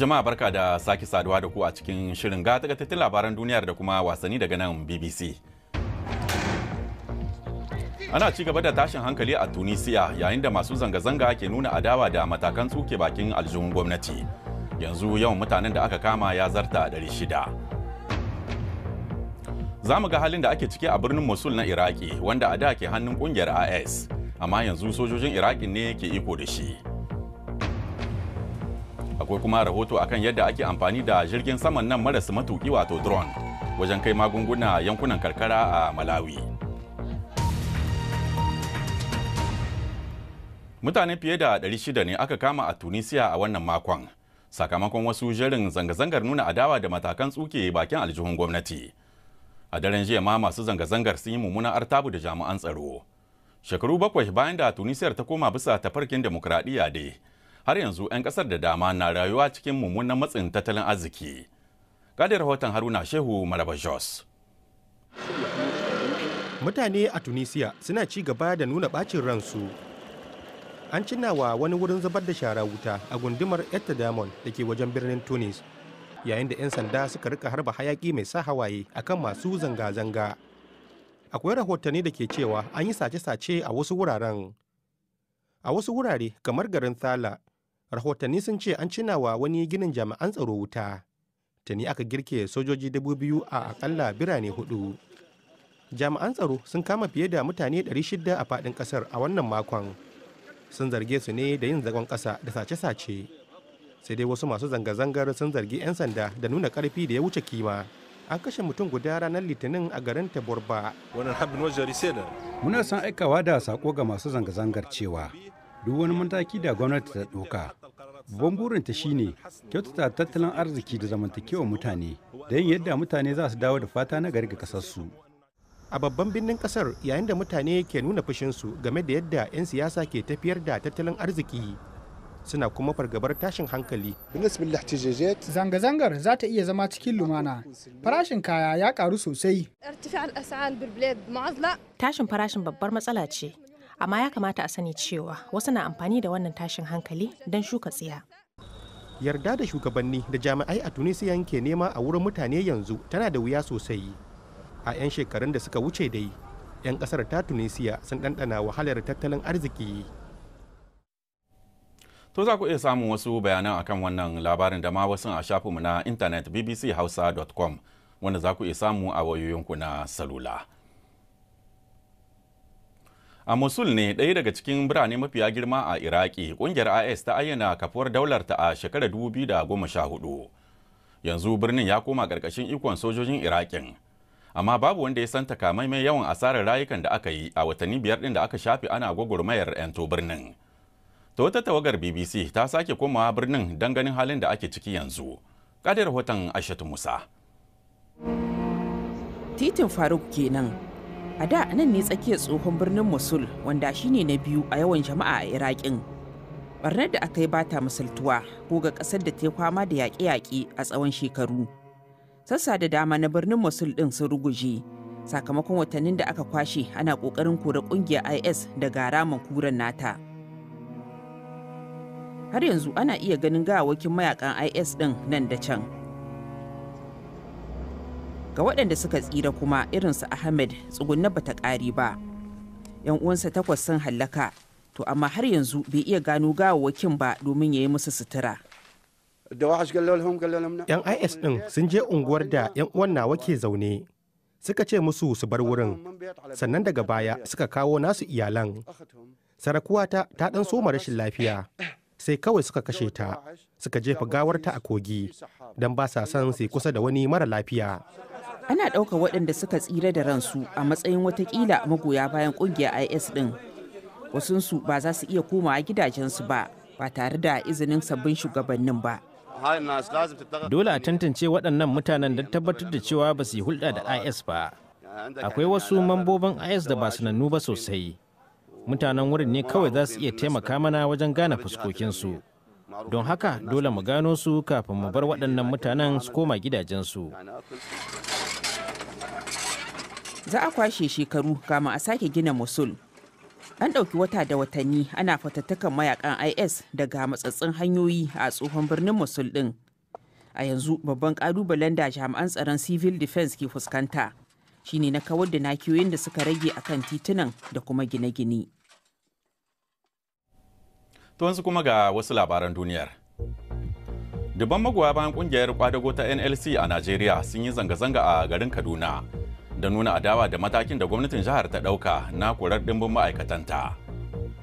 Jama'a barka da sake saduwa da ku a cikin shirin gatagatattun labaran duniyar da kuma wasanni daga nan BBC. ana ci gaba da tashin hankali a tunisia yayin da masu zanga-zanga ke nuna adawa da matakan tsuke bakin aljihun gwamnati yanzu yawan mutanen da aka kama ya zarta 600 za mu ga halin da ake ciki a birnin mosul na iraki wanda a da ke hannun kungiyar is amma yanzu sojojin iraki ne ke iko da shi akwai kuma rahoto akan yadda ake amfani da jirgin saman nan marasa matuki wato drone wajen kai magunguna yankunan karkara a malawi mutane fiye da 600 ne aka kama a tunisia a wannan makon sakamakon wasu jerin zanga-zangar nuna adawa da matakan tsuke bakin aljihun gwamnati a daren jiya ma masu zanga-zangar sun yi mummunan artabu da jami'an tsaro shekaru bakwai bayan da tunisiyar ta koma bisa tafarkin demokradiyya dai har yanzu 'yan kasar da dama na rayuwa cikin mummunan matsin tattalin arziki gadi rahoton haruna shehu maraba jos mutane a tunisia suna ci gaba da nuna bacin ransu an cinna wa wani wurin zubar da shara wuta a gundumar etta diamond da ke wajen birnin tunis yayin da 'yan sanda suka rika harba hayaki mai sa hawaye a kan masu zanga-zanga akwai rahotanni da ke cewa an yi sace-sace a wasu wuraren a wasu wurare kamar garin thala rahotanni sun ce an cina wa wani ginin jami'an tsaro wuta tuni aka girke sojoji dubu biyu a akalla birane hudu jami'an tsaro sun kama fiye da mutane 600 a faɗin ƙasar a wannan makon sun zarge su ne da yin zagon ƙasa da sace-sace sai dai wasu masu zanga-zangar sun zargi 'yan sanda da nuna ƙarfi da ya wuce kima an kashe mutum guda ranar litinin a garin taborba muna son aikawa da sako ga masu zanga-zangar cewa duk wani mataki da gwamnati ta ɗauka babban burinta shine kyautata tattalin arziki da zamantakewa mutane da yin yadda mutane za su dawo da fata na gari ga kasarsu a babban birnin kasar yayin da mutane ke nuna fushinsu game da yadda 'yan siyasa ke tafiyar da tattalin arziki suna kuma fargabar tashin hankali. Zanga-zangar za ta iya zama cikin lumana. Farashin kaya ya karu sosai. Tashin farashin babbar matsala ce, amma ya kamata a sani cewa wasu na amfani da wannan tashin hankali don shuka tsiya. Yarda da shugabanni da jami'ai a Tunisiya ke nema a wurin mutane yanzu tana da wuya sosai. a 'yan shekarun da suka wuce dai 'yan kasar ta tunisia sun ɗanɗana wahalar tattalin arziki to za ku iya samun wasu bayanan akan wannan labarin da ma wasu a shafinmu na intanet bbchausa.com wanda za ku iya samu a wayoyinku na salula a mosul ne ɗaya daga cikin birane mafiya girma a iraki ƙungiyar is ta ayyana kafuwar daular ta a shekarar 2014 yanzu birnin ya koma ƙarƙashin ikon sojojin irakin amma babu wanda ya san takamaimai yawan asarar rayukan da aka yi a watanni biyar din da aka shafe ana gwagwarmayar 'yanto birnin ta wata tawagar bbc ta sake komawa birnin don ganin halin da ake ciki yanzu ƙadar rahoton aishatu musa titin faruk kenan a da nan ne tsakiyar tsohon birnin musul wanda shine na biyu a yawan jama'a a iraƙin barnar da aka yi bata misaltuwa ko ga ƙasar da ta yi kwama da yaƙe-yaƙe a tsawon shekaru sassa da dama na birnin mosul ɗin sun ruguje sakamakon watannin da aka kwashe ana ƙoƙarin kore ƙungiyar is daga ramin kuren nata har yanzu ana iya ganin gawakin mayakan is ɗin nan da can ga waɗanda suka tsira kuma irinsu ahmed tsugunna bata ƙari ba 'yan uwansa takwas sun hallaka to amma har yanzu bai iya gano gawakin ba domin ya yi musu sutura 'yan is ɗin sun je unguwar da 'yan uwan nawa ke zaune suka ce musu su bar wurin sannan daga baya suka kawo nasu iyalan sarakuwata ta ɗan soma rashin lafiya sai kawai suka kashe ta suka jefa gawarta a kogi don ba sa son sai kusa da wani mara lafiya ana ɗauka waɗanda suka tsira da ransu a matsayin watakila magoya bayan ƙungiyar is ɗin wasunsu ba za su iya komawa gidajensu ba ba tare da izinin sabbin shugabannin ba Dole a tantance waɗannan mutanen don tabbatar da cewa ba su yi hulɗa da IS ba. Akwai wasu mambobin IS da ba sanannu ba sosai. Mutanen wurin ne kawai za su iya taimaka mana wajen gane fuskokinsu. Don haka dole mu gano su kafin mu bar waɗannan mutanen su koma gidajensu. Za a kwashe shekaru kama a sake gina musul. an ɗauki wata da watanni ana fatattakan mayakan is daga matsatsin hanyoyi a tsohon birnin musul ɗin a yanzu babban ƙalubalen da jami'an tsaron civil defense ke fuskanta shine na kawar da nakiyoyin da suka rage a kan titunan da kuma gine-gine to kuma ga wasu labaran duniyar dubban magoya bayan kungiyar kwadago ta nlc a najeriya sun yi zanga-zanga a garin kaduna da nuna adawa da matakin da gwamnatin jihar ta ɗauka na korar dimbin ma'aikatanta.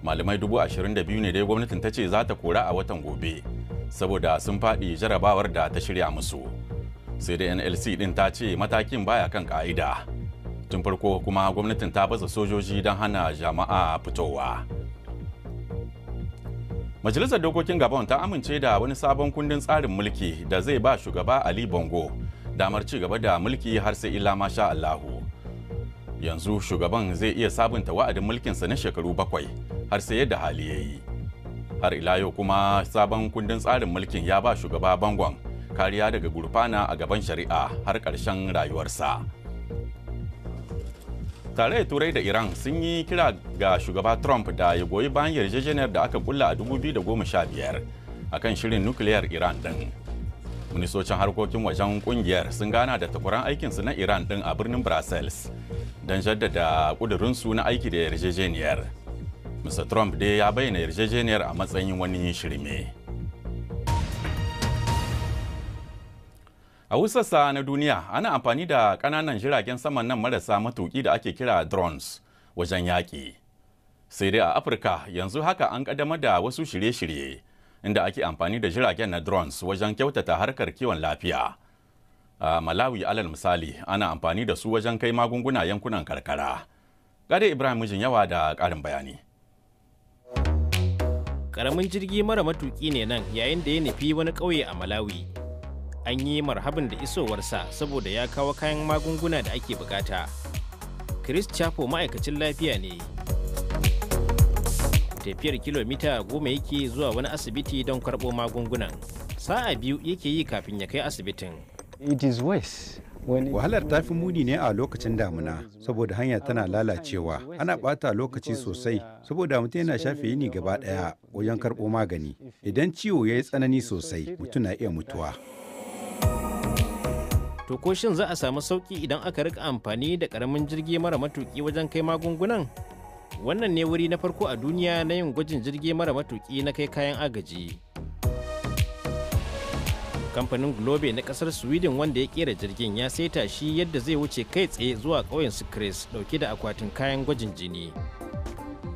Malamai dubu ashirin da biyu ne dai gwamnatin ta ce za ta kora a watan gobe saboda sun faɗi jarabawar da ta shirya musu. Sai da NLC din ta ce matakin baya kan ka'ida Tun farko kuma gwamnatin ta baza sojoji don hana jama'a fitowa. Majalisar Dokokin Gabon ta amince da wani sabon kundin tsarin mulki da zai ba shugaba Ali Bongo damar ci gaba da mulki har sai illa masha Allahu. Yanzu shugaban zai iya sabunta wa'adin mulkin sa na shekaru bakwai har sai yadda hali ya yi. Har ila yau kuma sabon kundin tsarin mulkin ya ba shugaba bangon kariya daga gurfana a gaban shari'a har ƙarshen rayuwarsa. Tare Turai da Iran sun yi kira ga shugaba Trump da ya goyi bayan yarjejeniyar da aka kulla a 2015 akan shirin nukiliyar Iran din. ministocin harkokin wajen kungiyar sun gana da takwaran aikinsu na iran din a birnin brussels don jaddada kudurinsu na aiki da yarjejeniyar mr trump dai ya bayyana yarjejeniyar a matsayin wani shirme a wusassa na duniya ana amfani da kananan jiragen saman nan marasa matuki da ake kira drones wajen yaƙi sai dai a afirka yanzu haka an ƙaddamar da wasu shirye-shirye inda ake amfani da jiragen na drones wajen kyautata harkar kiwon lafiya a malawi alal misali ana amfani da su wajen kai magunguna yankunan karkara gare ibrahim mijin yawa da ƙarin bayani karamin jirgi mara matuki ne nan yayin da ya nufi wani ƙauye a malawi an yi marhabin da isowarsa saboda ya kawo kayan magunguna da ake bukata chris chapo ma'aikacin lafiya ne tafiyar kilomita goma yake zuwa wani asibiti don karɓo magungunan sa'a biyu yake yi kafin ya kai asibitin wahalar ta fi muni ne a lokacin damuna saboda hanya tana lalacewa ana bata lokaci sosai saboda mutum yana shafe yini gaba ɗaya wajen karɓo magani idan ciwo ya yi tsanani sosai mutum na iya mutuwa to ko shin za a samu sauƙi idan aka rika amfani da ƙaramin jirgi mara matuƙi wajen kai magungunan wannan ne wuri na farko a duniya na yin gwajin jirgi mara matuki na kai kayan agaji kamfanin globe na kasar sweden wanda ya kera jirgin ya saita shi yadda zai wuce kai tsaye zuwa ƙauyen chris dauke da akwatin kayan gwajin jini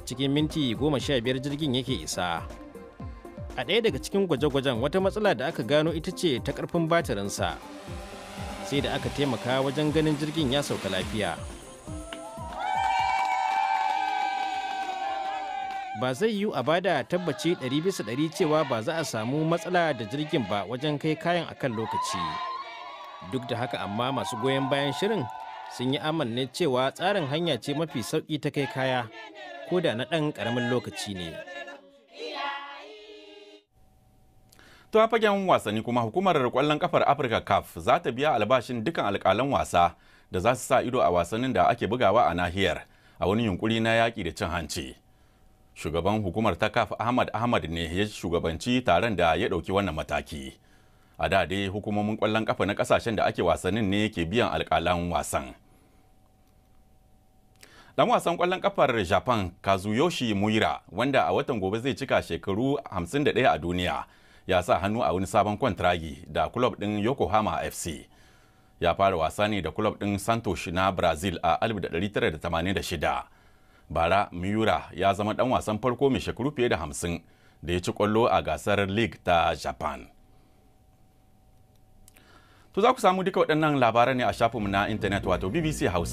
cikin minti goma sha biyar jirgin yake isa a ɗaya daga cikin gwaje-gwajen wata matsala da aka gano ita ce ta ƙarfin batirinsa sai da aka taimaka wajen ganin jirgin ya sauka lafiya ba zai yiwu a bada tabbaci 100 cewa ba za a samu matsala da jirgin ba wajen kai kayan akan lokaci duk da haka amma masu goyon bayan shirin sun yi amanne cewa tsarin hanya ce mafi sauki ta kai kaya ko da na ɗan ƙaramin lokaci ne to a fagen wasanni kuma hukumar kwallon kafar afirka caf za ta biya albashin dukkan alƙalan wasa da za su sa ido a wasannin da ake bugawa a nahiyar a wani yunkuri na yaƙi da cin hanci shugaban hukumar takaf ahmad ahmad ne ya shugabanci taron da ya dauki wannan mataki a da dai hukumomin kwallon kafa na kasashen da ake wasannin ne ke biyan alkalan wasan dan wasan kwallon kafar japan kazuyoshi muira wanda a watan gobe zai cika shekaru 51 a duniya ya sa hannu a wani sabon kwantiragi da kulob din yokohama fc ya fara wasa ne da kulob ɗin santos na brazil a 1986 bara miura ya zama dan wasan farko mai shekaru fiye da hamsin da ya ci kwallo a gasar league ta japan to za ku samu duka waɗannan labaran ne a shafinmu na intanet wato bbc hausa